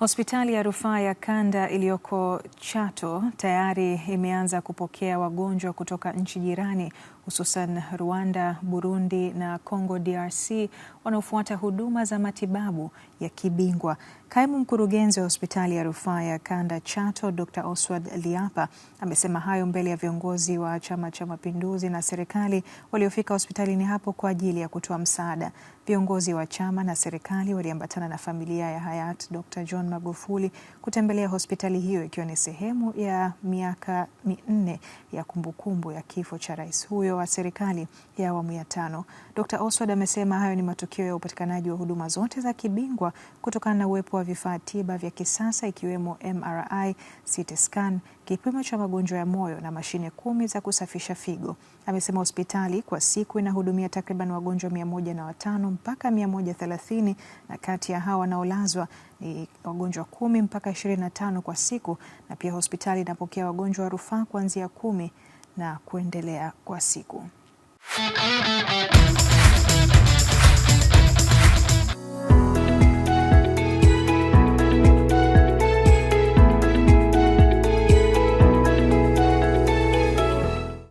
Hospitali ya rufaa ya kanda iliyoko Chato tayari imeanza kupokea wagonjwa kutoka nchi jirani hususan Rwanda, Burundi na Congo DRC wanaofuata huduma za matibabu ya kibingwa. Kaimu mkurugenzi wa hospitali ya rufaa ya kanda Chato, Dr. Oswald Liapa amesema hayo mbele ya viongozi wa Chama cha Mapinduzi na serikali waliofika hospitalini hapo kwa ajili ya kutoa msaada. Viongozi wa chama na serikali waliambatana na familia ya hayati Dr. John Magufuli kutembelea hospitali hiyo ikiwa ni sehemu ya miaka minne ya kumbukumbu ya kifo cha rais huyo wa serikali ya awamu ya tano. Dr. Oswald amesema hayo ni matukio ya upatikanaji wa huduma zote za kibingwa kutokana na uwepo wa vifaa tiba vya kisasa ikiwemo MRI, CT scan, kipimo cha magonjwa ya moyo na mashine kumi za kusafisha figo. Amesema hospitali kwa siku inahudumia takriban wagonjwa mia moja na watano mpaka 130 na kati ya hawa wanaolazwa ni wagonjwa kumi mpaka 25 kwa siku, na pia hospitali inapokea wagonjwa wa rufaa kuanzia kumi na kuendelea kwa siku.